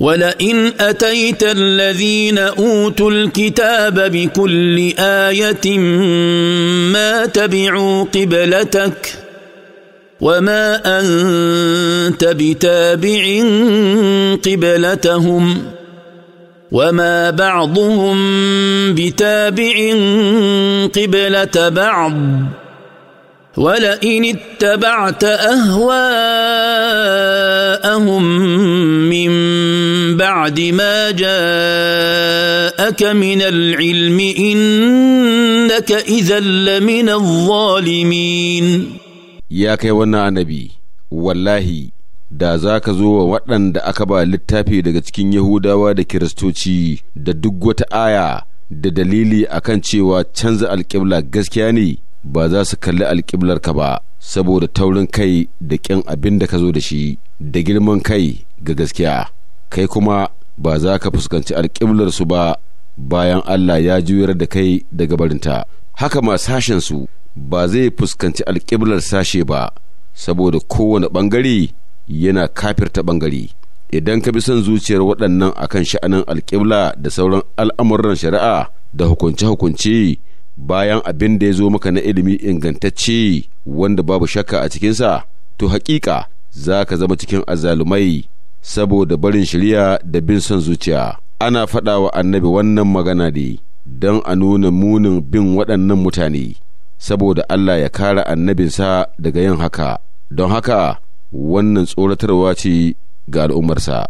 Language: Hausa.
ولئن اتيت الذين اوتوا الكتاب بكل ايه ما تبعوا قبلتك وما انت بتابع قبلتهم وما بعضهم بتابع قبله بعض ولئن اتبعت اهواءهم بعد ما جاءك من العلم إنك إذا لمن الظالمين يا كي نبي والله da za ka zo wa waɗanda aka ba littafi daga cikin Yahudawa da Kiristoci da duk wata aya da dalili akan cewa canza alƙibla gaskiya ne ba za su kalli ka ba saboda taurin kai da ƙin abin da ka zo da shi da girman kai ga gaskiya kai kuma ba za ka fuskanci su ba bayan Allah ya juyar da kai daga barinta haka ma sashen su ba zai fuskanci alƙiblar sashe ba saboda kowane ɓangare yana kafirta ɓangare idan ka bi son zuciyar waɗannan akan sha'anin alƙibla da sauran al'amuran shari'a da hukunce-hukunce bayan abin da ya zo maka na ilimi ingantacce wanda babu shakka a cikinsa to haƙiƙa za ka zama cikin azalumai saboda barin shirya da bin son zuciya ana faɗa wa annabi wannan magana ne don a nuna munin bin waɗannan mutane saboda Allah ya kare annabinsa daga yin haka don haka wannan tsoratarwa ce ga al'ummarsa